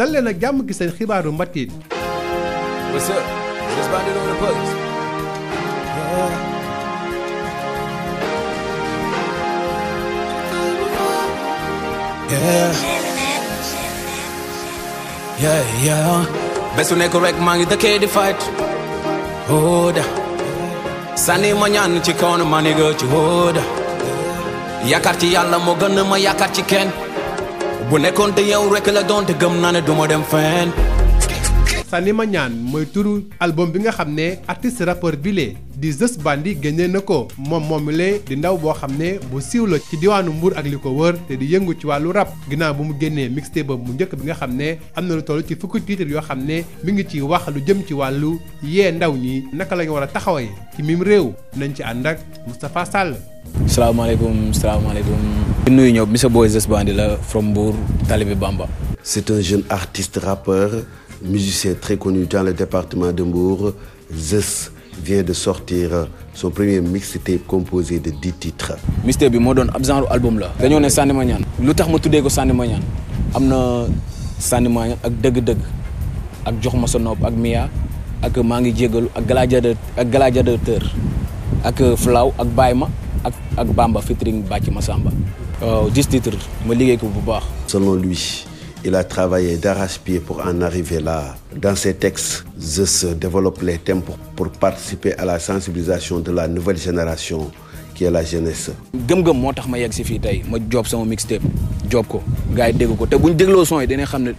dal leen ak jàmm gi seen xibaaru mbatit What's up? Just about it rek maa ngi dëkkee di fight. Wooda. sànni ma ñaan ci kaw na ma ci wooda. yaakaar ci yàlla moo gën ma yaakaar ci kenn. bu nekkoon te yow rek la doon te gëm naa ne du ma dem fenn sànni ma ñaan mooy turu album bi nga xam ne artiste rappeur bile di Zeus Bandi génnee na ko moom moomule di ndaw boo xam ne bu siiw la ci diwaanu mbuur ak li ko wër te di yëngu ci wàllu rap ginnaaw bu mu génnee mixtape ba mu njëkk bi nga xam ne am na lu toll ci fukki titre yoo xam ne mi ngi ci wax lu jëm ci wàllu yee ndaw ñi naka la war a taxawee ci mim réew nañ ci ànd ak Moustapha Sall. salaamaaleykum salaamaaleykum. di nuyu ñëw monsieur Boy Zeus la from Mbour Talibi Bamba. c'est un jeune artiste rappeur. musicien très connu dans le département de Mbour, Zeus vient de sortir son premier mixtape composé de dix titres. mixtape bi moo doon ab genre album la. dañoo ne Sandi ma lu tax ma tuddee ko Sandi ma am na Sandi ma ak dëgg-dëgg ak jox ma sa nop ak Mia ak maa ngi jégalu ak gladiateur ak gladiateur ak Flaw ak Bayma ak ak Bamba featuring Bàcc Masamba. waaw dix titres ma liggéey ko bu baax. selon lui. Il a travaillé d'arrache-pied pour en arriver là. Dans ses textes, Zeus développe les thèmes pour, pour participer à la sensibilisation de la nouvelle génération qui est la jeunesse. gëm-gëm moo tax ma yegg si fii tey ma job sama mixtape job ko gars yi dégg ko te buñ dégloo son yi dinañ xam ne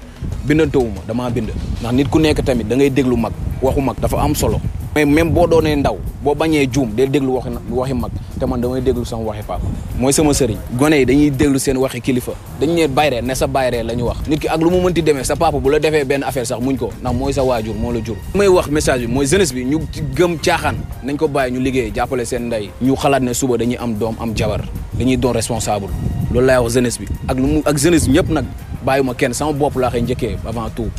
bindantewu ma damaa bind ndax nit ku nekk tamit da ngay déglu mag waxu mag dafa am solo. mais même boo doonee ndaw boo bañee juum day déglu waxi waxi mag te man damay déglu sama waxi papa mooy sama sëriñ gone yi dañuy déglu seen waxi kilifa dañ ne bayree ne sa bayree la ñu wax nit ki ak lu mu mënti demee sa papa bu la defee benn affaire sax muñ ko ndax mooy sa waajur moo la jur may wax message bi mooy jeunesse bi ñu gëm caaxaan nañ ko bàyyi ñu liggéey jàppale seen ndey ñu xalaat ne suba dañuy am doom am jabar dañuy doon responsable loolu laay wax jeunesse bi ak lu mu ak jeunesse ñëpp nag bàyyi ma kenn sama bopp njëkkee avant tout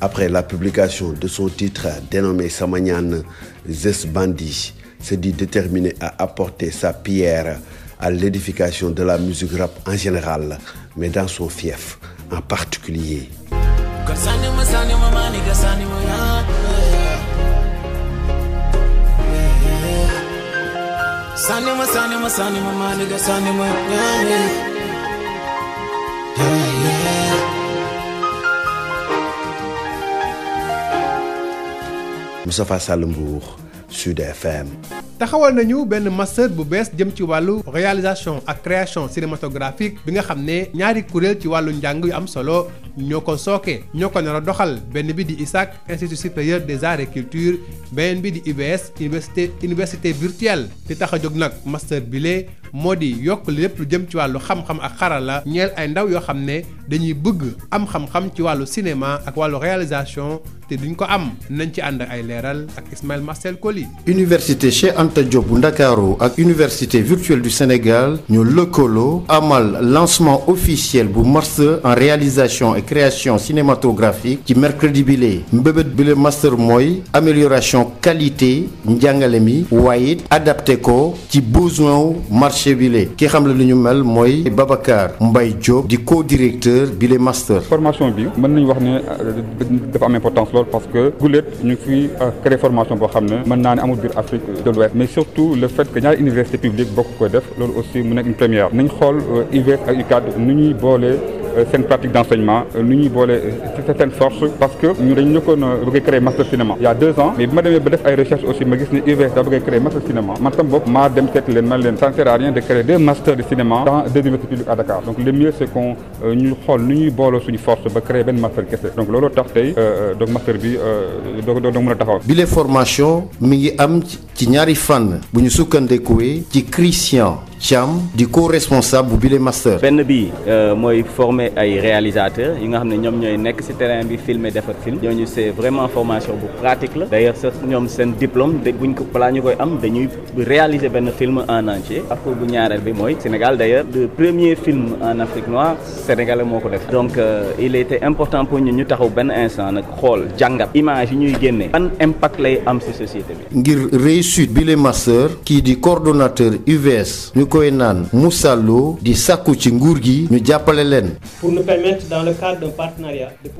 Après la publication de son titre dénommé Samanyan, Zes Bandi se dit déterminé à apporter sa pierre à l'édification de la musique rap en général, mais dans son fief en particulier. Moustapha Sall Mbour Sud FM taxawal nañu benn master bu bees jëm ci wàllu réalisation ak création cinématographique bi nga xam ne ñaari kuréel ci wàllu njàng yu am solo ñoo ko sooke ñoo ko nar a doxal benn bi di ISAC institut supérieur des arts et culture beneen bi di UBS université université virtuelle di tax a jóg nag master bile moo di yokk lépp lu jëm ci wàllu xam-xam ak xarala ñeel ay ndaw yoo xam ne dañuy bëgg am xam-xam ci wàllu cinéma ak wàllu réalisation te duñ ko am nañ ci ànd ay leeral ak Ismaël Marcel Coly université Cheikh Anta Diop bu Ndakaaru ak Université virtuelle du Sénégal ñu lëkkaloo amal lancement officiel bu master en réalisation et création cinématographique ci mercredi bi lee mbébét bi le master mooy amélioration qualité njàngale mi waaye it adapté ko ci besoin wu marché bi lee ki xam la lu ñu mel mooy Babacar mbay Diop di co-directeur bi le master. formation bi mën nañu wax ne euh, dafa am importance lool parce que gulet ñu ngi fi euh, créé formation boo xam ne mën naa ne amul mais surtout le fait que ñaari université publique bokk ko def loolu aussi mu nekk une première nañ xool euh, UVS ak UCAD nu ñuy boolee euh, seen pratique d'enseignement euh, nu ñuy boole certaines forces parce que ñu dañ ñëkkoon bëgg a créer master cinéma il ans mais bi ma demee ba def ay recherche aussi ma gis ne UVS daa bëgg créer master cinéma man bopp maa dem seet leen man leen ça de créer deux masters de cinéma dans deux universités publiques fànn bu ñu sukkandikuwee ci Christian Thiam di co-responsable bu bile master. benn bi euh, mooy former ay réalisateurs yi nga xam ne ñoom ñooy nekk ci terrain bi filme defar film ñooñu c'est vraiment formation bu pratique la d'ailleurs sax ñoom seen diplôme de buñ ko balaa ñu koy am dañuy réaliser benn film en entier ak bu ñaareel bi mooy Sénégal d'ailleurs le premier film en Afrique noire sénégalais moo ko def donc euh, il était important pour ñu taxaw benn instant nag xool jàngat image yi ñuy génne ban impact lay am ci société bi. ngir réussite bile master kii ñu koy naan Moussa Lo di sàkku ci nguur gi ñu jàppale leen. pour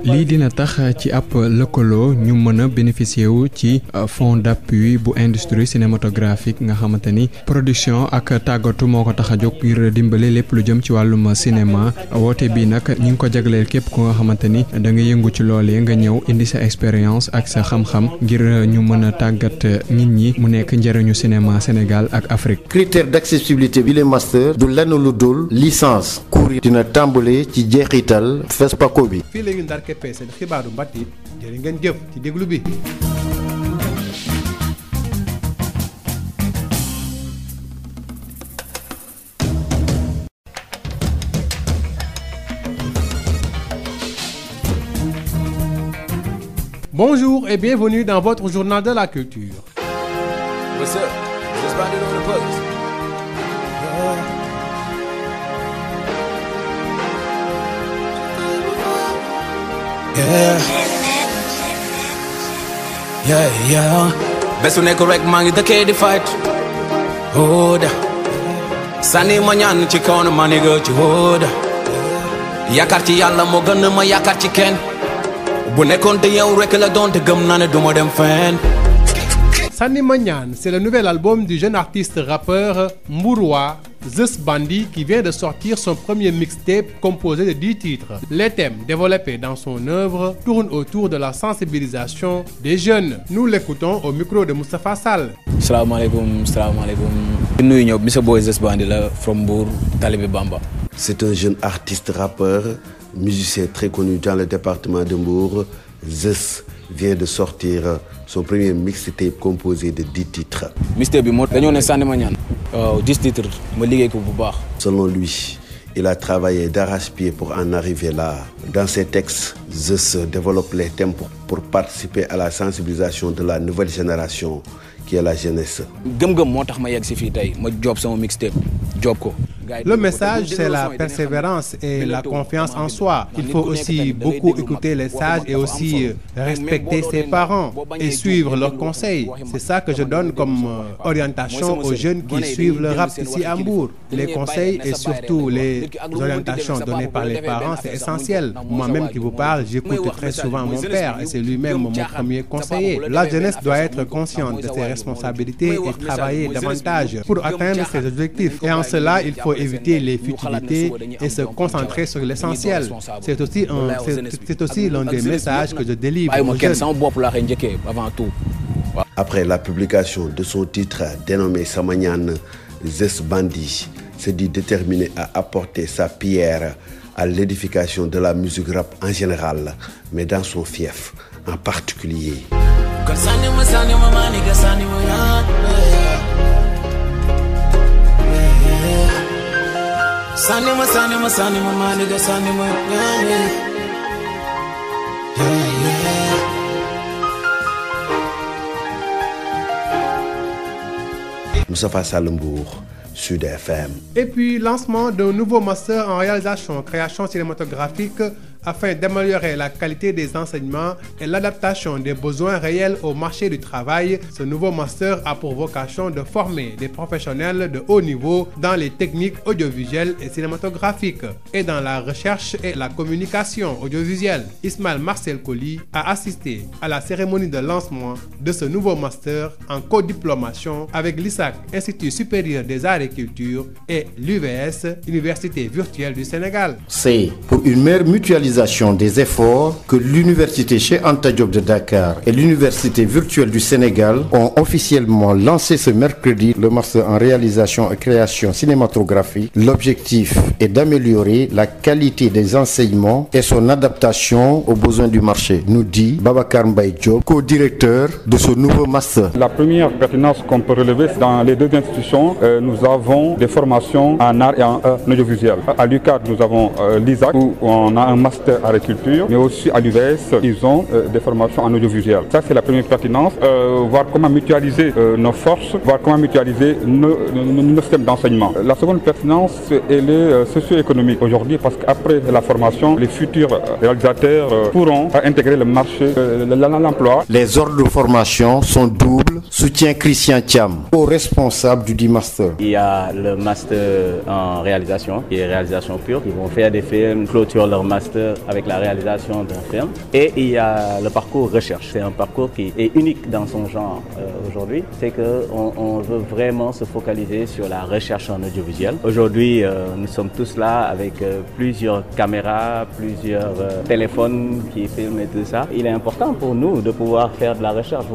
lii dina tax ci ab lëkkaloo ñu mën a bénéficier wu ci euh, fonds d'appui bu industrie cinématographique nga xamante ni production ak tàggatu moo ko tax a jóg ngir dimbale lépp lu jëm ci wàllum cinéma woote bi nag ñu ngi ko jagleel képp ku nga xamante ni da nga yëngu ci loolee nga ñëw indi sa expérience ak sa xam-xam ngir ñu mën a tàggat nit ñi mu nekk njëriñu cinéma Sénégal ak Afrique. université bi le lu dul licence cours yi dina ci jeexital FESPACO bi. fii la ñu ndar ngeen jëf ci déglu bi. Bonjour et bienvenue dans votre journal de la culture. yeah yeah yeah bésu nekk rek maa ngi dëkkee di fight wóoda sànni ma ñaan ci kaw na ma ni ci wóoda yaakaar ci yàlla moo gën ma yaakaar ci kenn bu nekkoon te yow rek la doon gëm naa ne du dem fenn Sani ñaan c'est le nouvel album du jeune artiste rappeur Mouroua Zeus Bandi qui vient de sortir son premier mixtape composé de 10 titres. Les thèmes développés dans son œuvre tournent autour de la sensibilisation des jeunes. Nous l'écoutons au micro de Moustapha Sall. salaamaaleykum salaamaaleykum. di nuyu ñëw Mister Boy Zeus Bandi la from Mbour Talibé Bamba. c'est un jeune artiste rappeur musicien très connu dans le département de Mbour Zeus vient de sortir son premier mixtape composé de 10 titres. mixtape bi moo dañoo ne sànni ma waaw 10 litres ma liggéey ko bu baax. selon lui il a travaillé d'arrache-pied pour en arriver là. Dans ses textes, Zeus développe les thèmes pour, pour participer à la sensibilisation de la nouvelle génération qui est la jeunesse. gëm-gëm moo tax ma yegg si fii tey ma joob sama mixtape joob ko. Le message, c'est la persévérance et la confiance en soi. Il faut aussi beaucoup écouter les sages et aussi respecter ses parents et suivre leurs conseils. C'est ça que je donne comme orientation aux jeunes qui suivent le rap ici à Les conseils et surtout les orientations données par les parents, c'est essentiel. Moi-même qui vous parle, j'écoute très souvent mon père et c'est lui-même mon premier conseiller. La jeunesse doit être consciente de ses responsabilités et travailler davantage pour atteindre ses objectifs. faut éviter les futilités et se concentrer sur l'essentiel. C'est aussi un c'est aussi l'un des messages que je délivre Après la publication de son titre dénommé Sama Ñaan Zess Bandi s'est dit déterminé à apporter sa pierre à l'édification de la musique rap en général, mais dans son fief en particulier. sànni ma sànni ma sànni ma maa ngi sànni ma Moustapha Sall Mbour Sud FM. Et puis lancement d'un nouveau master en réalisation création cinématographique afin d'améliorer la qualité des enseignements et l'adaptation des besoins réels au marché du travail. Ce nouveau master a pour vocation de former des professionnels de haut niveau dans les techniques audiovisuelles et cinématographiques et dans la recherche et la communication audiovisuelle. Ismaël Marcel Colli a assisté à la cérémonie de lancement de ce nouveau master en codiplomation avec l'ISAC, Institut supérieur des arts et cultures, l'UVS, Université virtuelle du Sénégal. C'est mutualisation des efforts que l'université Cheikh Anta Diop de Dakar et l'université virtuelle du Sénégal ont officiellement lancé ce mercredi le master en réalisation et création cinématographique. L'objectif est d'améliorer la qualité des enseignements et son adaptation aux besoins du marché, nous dit Babacar Mbaye Diop, co-directeur de ce nouveau master. La première pertinence qu'on peut relever dans les deux institutions, euh, nous avons des formations en art et en euh, À master agriculture, mais aussi à l'UVS, ils ont euh, des formations en audiovisuel. c'est la première pertinence, euh, voir comment mutualiser euh, nos forces, voir comment mutualiser nos, systèmes d'enseignement. La seconde pertinence, elle est euh, socio-économique parce qu'après la formation, les futurs euh, réalisateurs pourront intégrer le marché, Les ordres de formation sont doubles Diable soutient Christian Thiam, au responsable du D-Master. Il y a le master en réalisation, qui est réalisation pure. Ils vont faire des films, clôture leur master avec la réalisation d'un film. Et il y a le parcours recherche. C'est un parcours qui est unique dans son genre euh, aujourd'hui. C'est qu'on on veut vraiment se focaliser sur la recherche en audiovisuel. Aujourd'hui, euh, nous sommes tous là avec euh, plusieurs caméras, plusieurs téléphones qui filment et tout la recherche,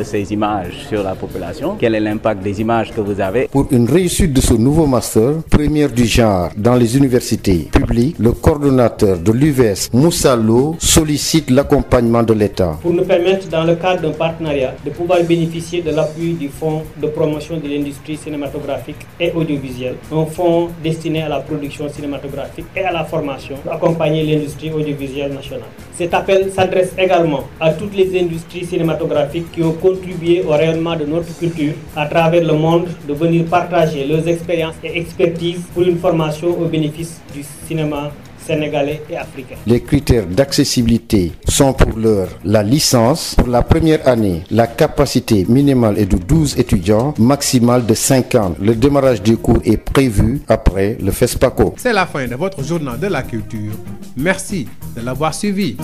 de ces images sur la population Quel est l'impact des images que vous avez Pour une réussite de ce nouveau master, première du genre dans les universités publiques, le coordonnateur de l'UVS, Moussa Lo, sollicite l'accompagnement de l'État. Pour nous permettre, dans le cadre d'un partenariat, de pouvoir bénéficier de l'appui du Fonds de promotion de l'industrie cinématographique et audiovisuelle, un fonds destiné à la production cinématographique et à la formation pour contribuer au rayonnement de notre culture à travers le monde, de venir partager leurs expériences et expertises pour une formation au bénéfice du cinéma sénégalais et africain. Les critères d'accessibilité sont pour l'heure la licence pour la première année, la capacité minimale est de 12 étudiants, maximale de 50. Le démarrage du cours est prévu après le FESPACO. C'est la fin de votre journal de la culture. Merci de l'avoir suivi.